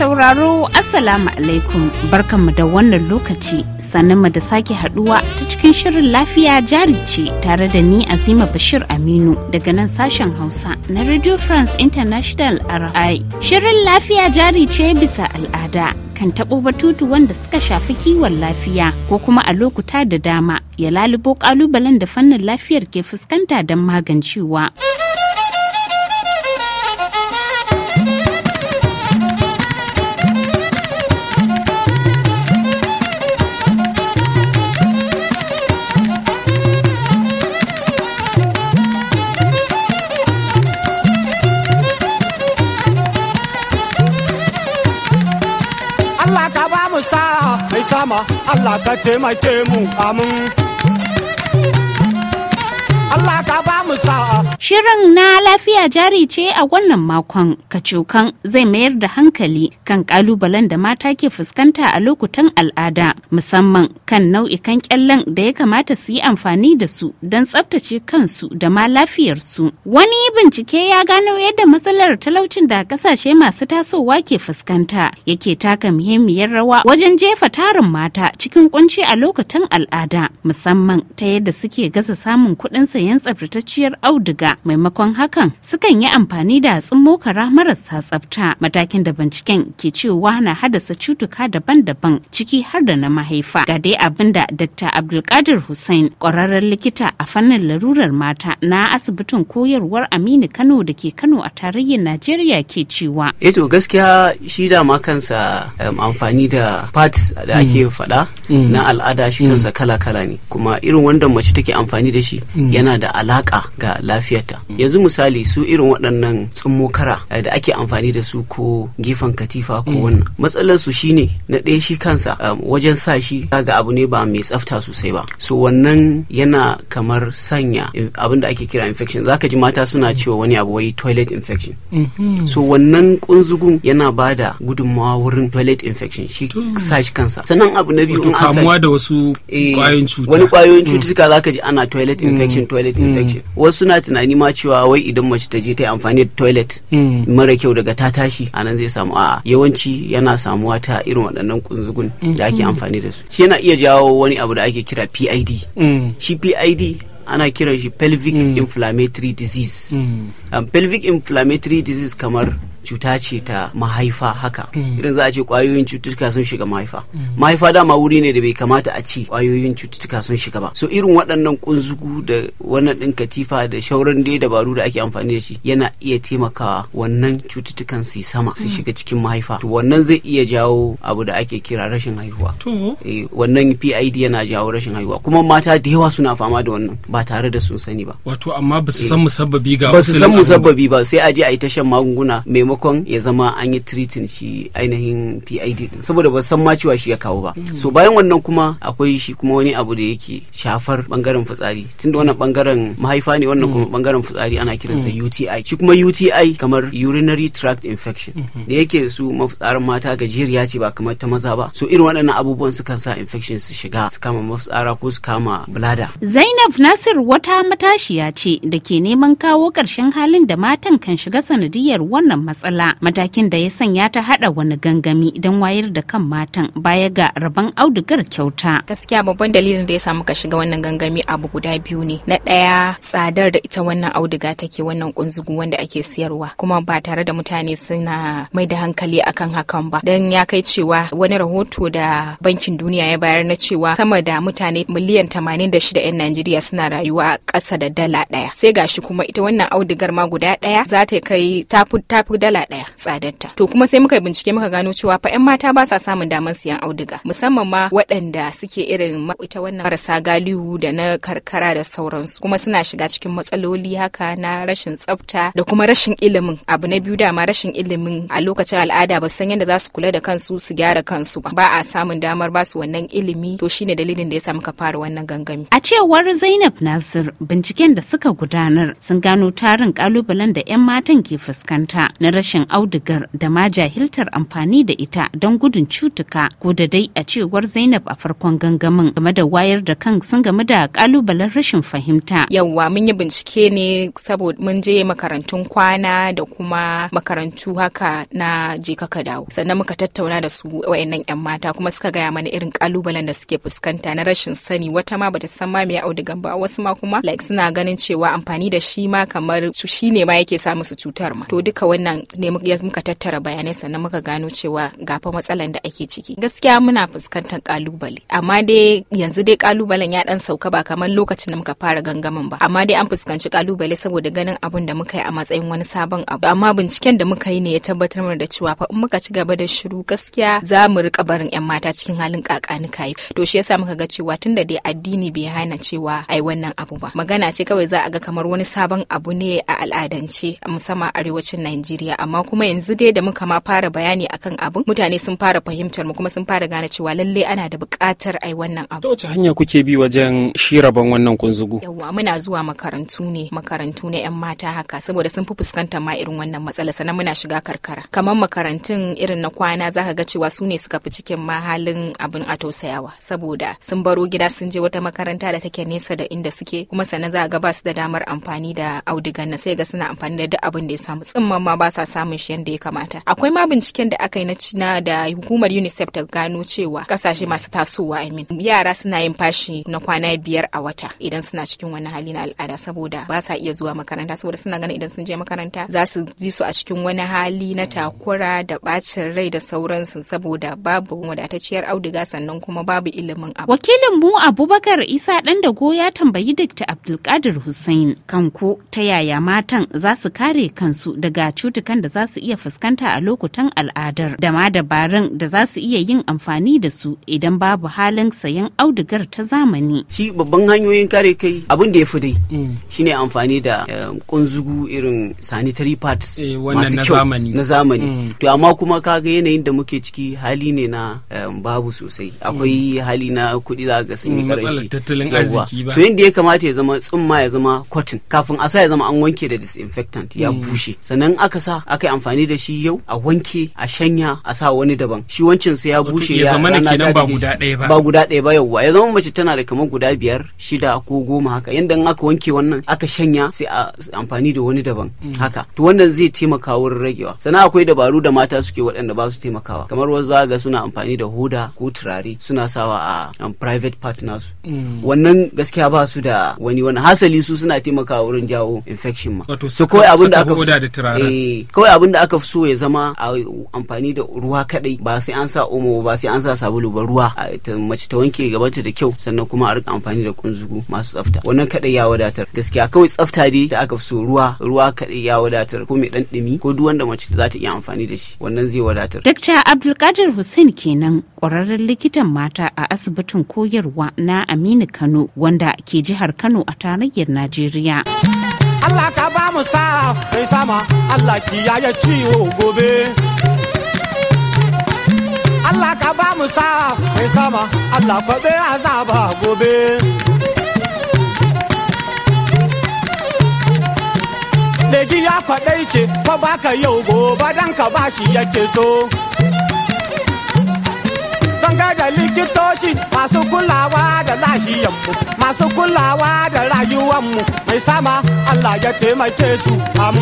sauraro Assalamu alaikum barkanmu da wannan lokaci sanin mu da sake haduwa ta cikin shirin lafiya jari ce tare da ni Azima Bashir Aminu daga nan sashen Hausa na Radio France International RI. Shirin lafiya jari ce bisa al'ada kan taɓo batutu wanda suka shafi kiwon lafiya ko kuma a lokuta da dama ya lalubo ƙalubalen da fannin lafiyar ke fuskanta don magancewa. sama Allah ka taimake mu amin mu Shirin na lafiya jari ce a wannan makon kacokan zai mayar da hankali kan kalubalen da mata ke fuskanta a lokutan al'ada musamman kan nau'ikan kyallen da ya kamata su yi amfani da su don tsabtace kansu da ma lafiyarsu. Wani bincike ya gano yadda matsalar talaucin da kasashe masu tasowa ke fuskanta yake taka muhimmiyar rawa wajen jefa tarin mata cikin kunci a lokutan al'ada musamman ta yadda suke gasa samun kuɗin sayan tsabtacce tashashshiyar auduga maimakon hakan sukan yi amfani da tsummo mokara marasa tsafta matakin da binciken ke cewa na haddasa cutuka daban-daban ciki har da na mahaifa ga dai abin da dr abdulkadir hussein kwararren likita a fannin larurar mata na asibitin koyarwar aminu kano da ke kano a tarayyar najeriya ke cewa eto eh gaskiya shi dama kansa amfani da parts da ake hmm. faɗa na mm. al'ada shi mm. kansa kala-kala ne kuma irin wanda mace take amfani da shi mm. yana da alaka ga lafiyarta yanzu misali su irin waɗannan tsummokara eh, da ake amfani da su ko gefen katifa ko wannan matsalar su shine na ɗaya shi kansa um, wajen sa shi ga abu ne ba mai tsafta sosai ba so wannan yana kamar sanya eh, abin da ake kira infection zaka ji mata suna cewa wani abu wai toilet infection mm-hmm. so wannan kunzugun yana bada gudunmawa wurin toilet infection shi sa shi kansa sannan abu na biyu kamuwa da wasu eh, kwayoyin cuta wani kwayoyin mm. cututtuka ka ji ana toilet mm. infection toilet mm. infection wasu na tunani ma cewa wai idan mace ta je ta yi amfani da toilet mara kyau daga ta tashi anan zai samu a'a yawanci yana samuwa ta irin waɗannan kunzugun da ake amfani da su shi yana iya jawo wani abu da ake kira PID shi PID ana kiran shi pelvic inflammatory disease um, pelvic inflammatory disease kamar cuta ce ta mahaifa haka mm. irin za a ce kwayoyin cututtuka sun shiga mahaifa mm. mahaifa dama wuri ne da bai kamata a ce kwayoyin cututtuka sun shiga ba so irin waɗannan kunzugu da wannan ɗin katifa da shauran dai dabaru da ake amfani da shi yana iya taimakawa wannan cututtukan su sama su mm. shiga cikin mahaifa to wannan zai iya jawo abu da ake kira rashin haihuwa To. Eh, wannan PID yana jawo rashin haihuwa kuma mata da yawa suna fama da wannan ba tare da sun sani ba wato amma ba su eh. san musabbabi ga ba su san musabbabi ba sai a je a yi ta shan magunguna mai maimakon ya zama an yi treating shi ainihin PID saboda ba san ma cewa shi ya kawo ba so bayan wannan kuma akwai shi kuma wani abu da yake shafar bangaren fitsari tunda wannan bangaren mahaifa ne wannan kuma mm. bangaren fitsari ana kiransa mm. UTI shi kuma UTI kamar urinary tract infection mm-hmm. da yake su mafitsarin mata gajeriya ce ba kamar ta maza ba so irin waɗannan abubuwan sukan sa infection su shiga su kama mafitsara ko su kama bladder Zainab Nasir wata matashiya ce da ke neman kawo ƙarshen halin da matan kan shiga sanadiyar wannan masa matsala matakin da ya sanya ta hada wani gangami don wayar da kan matan baya ga rabon audugar kyauta gaskiya babban dalilin da ya samu ka shiga wannan gangami abu guda biyu ne na daya tsadar da ita wannan auduga take wannan kunzugu wanda ake siyarwa kuma ba tare da mutane suna mai da hankali akan hakan ba don ya kai cewa wani rahoto da bankin duniya ya bayar na cewa sama da mutane miliyan shida 'yan najeriya suna rayuwa a ƙasa da dala ɗaya sai gashi kuma ita wannan audugar ma guda ɗaya za ta kai tafi tafi dala ɗaya tsadarta to kuma sai muka bincike muka gano cewa fa 'yan mata ba sa samun damar siyan auduga musamman ma waɗanda suke irin ita wannan marasa galihu da na karkara da sauransu kuma suna shiga cikin matsaloli haka na rashin tsafta da kuma rashin ilimin abu na biyu dama rashin ilimin a lokacin al'ada ba san yadda za su kula da kansu su gyara kansu ba ba a samun damar ba su wannan ilimi to shine dalilin da ya sa muka fara wannan gangami a cewar Zainab Nasir binciken da suka gudanar sun gano tarin kalubalen da 'yan matan ke fuskanta na rashin audigar da ma jahiltar amfani da ita don gudun cutuka ko da dai a cewar zainab a farkon gangamin game da wayar da kan sun game da kalubalen rashin fahimta yawwa mun yi bincike ne saboda mun je makarantun kwana da kuma makarantu haka na je kaka dawo sannan muka tattauna da su wayannan yan mata kuma suka gaya mana irin kalubalen da suke fuskanta na rashin sani wata ma bata san ma me audigan ba wasu ma kuma like suna ganin cewa amfani da shi ma kamar su shine ma yake sa musu cutar ma to duka wannan ne muka tattara bayanai sannan muka gano cewa gafa matsalan da ake ciki gaskiya muna fuskantar kalubale amma dai yanzu dai kalubalen ya dan sauka ba kamar lokacin da muka fara gangamin ba amma dai an fuskanci kalubale saboda ganin abun da muka yi a matsayin wani sabon abu amma binciken da muka yi ne ya tabbatar mana da cewa fa in muka ci gaba da shiru gaskiya za mu rika barin yan mata cikin halin kakanika yi to shi yasa muka ga cewa tunda dai addini bai hana cewa ai wannan abu ba magana ce kawai za a ga kamar wani sabon abu ne a al'adance musamman arewacin Najeriya amma kuma yanzu dai da muka ma fara bayani akan abin mutane sun fara fahimtar mu kuma sun fara gane cewa lalle ana da buƙatar ai wannan abu. Ta wace hanya kuke bi wajen shiraban wannan kunzugu? Yawwa muna zuwa makarantu ne makarantu na 'yan mata haka saboda sun fi fuskantar ma irin wannan matsala sannan muna shiga karkara. Kamar makarantun irin na kwana za ka ga cewa su ne suka fi cikin mahalin halin abin a tausayawa saboda sun baro gida sun je wata makaranta da take nesa da inda suke kuma sannan za ka ga ba su da damar amfani da audigan na sai ga suna amfani da duk abin da ya samu tsimman ma ba sa samun shi yadda ya kamata akwai ma binciken da aka yi na cina da hukumar unicef ta gano cewa kasashe masu tasowa amin yara suna yin fashi na kwana biyar a wata idan suna cikin wani hali na al'ada saboda ba sa iya zuwa makaranta saboda suna ganin idan sun je makaranta za su ji su a cikin wani hali na takura da bacin rai da sauransu saboda babu wadatacciyar auduga sannan kuma babu ilimin abu wakilin mu abubakar isa dan dago ya tambayi dr abdulkadir hussein kanko ta yaya matan za su kare kansu daga cutukan da za su iya fuskanta a lokutan al'adar da ma dabarun da za su iya yin amfani da su idan babu halin sayan audugar ta zamani. Shi babban hanyoyin kare kai abin da ya fi dai mm. shine amfani da eh, kunzugu irin sanitary pads eh, masu kyau na zamani. Mm. To amma kuma kaga yanayin da muke ciki hali ne na eh, babu sosai. Akwai mm. hali na kuɗi za ga sun yi karanci. tattalin arziki ba. So yadda ya kamata ya zama tsumma ya zama cotton kafin a sa ya zama an wanke da disinfectant ya bushe. Sannan aka sa aka yi amfani da shi yau a wanke a shanya a sa wani daban shi wancin sai ya bushe ya zama kenan ba guda ɗaya ba ba guda ɗaya ba yauwa ya zama mace tana da kamar guda biyar shida ko goma haka yanda in aka wanke wannan aka shanya sai a amfani da wani daban mm. haka to wannan zai taimaka wurin ragewa sannan akwai dabaru da mata suke waɗanda ba su taimakawa kamar wasu ga suna amfani da hoda ko turare suna sawa a private part nasu mm. wannan gaskiya ba su da wani wani hasali su suna taimakawa wurin jawo infection ma to kawai aka hoda da kawai abin da aka fi so ya zama a amfani da ruwa kadai ba sai an sa omo ba sai an sa sabulu ba ruwa a mace ta wanke gabanta da kyau sannan kuma a rika amfani da kunzugu masu tsafta wannan kadai ya wadatar gaskiya kawai tsafta dai da aka fi so ruwa ruwa kadai ya wadatar ko mai dan dumi ko duk wanda mace za ta iya amfani da shi wannan zai wadatar Dr. Abdulkadir Hussein kenan kwararren likitan mata a asibitin koyarwa na Aminu Kano wanda ke jihar Kano a tarayyar Najeriya. Allah ka ba mu sara mai sama Allah ya ciwo gobe Allah ka ba mu sara mai sama Allah be azaba gobe Legi ya kwaɗai ce, kwa baka yau gobe dan ka ba shi yake so. da likitoci masu kulawa da lahiyanmu masu kulawa da rayuwanmu mai sama Allah ya taimake su amu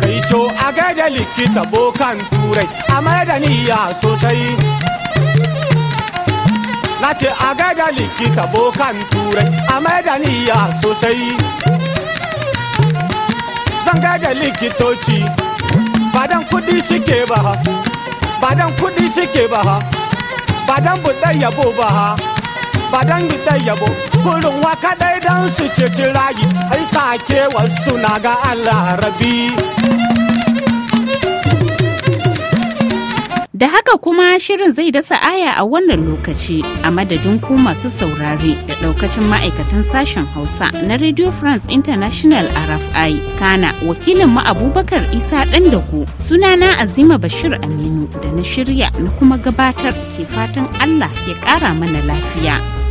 Kai co a gaida likita bokan turai a da niyya sosai. Na ce a gaida likita bokan turai a da niyya sosai. Zan gaida likitoci, ba kudi suke ba ba dan kuɗi suke ba ha ba dan buɗe yabo ba ha ba dan buɗe yabo kurin waka dai dan su ceci rayu ai sake wasu na ga Allah rabi. Da haka kuma shirin zai dasa aya a wannan lokaci a madadin ku masu saurare da daukacin ma'aikatan sashen Hausa na Radio France International RFI Kana wakilin mu Abubakar Isa ɗan da ku sunana Azima Bashir Aminu da na shirya na kuma gabatar ke fatan Allah ya ƙara mana lafiya.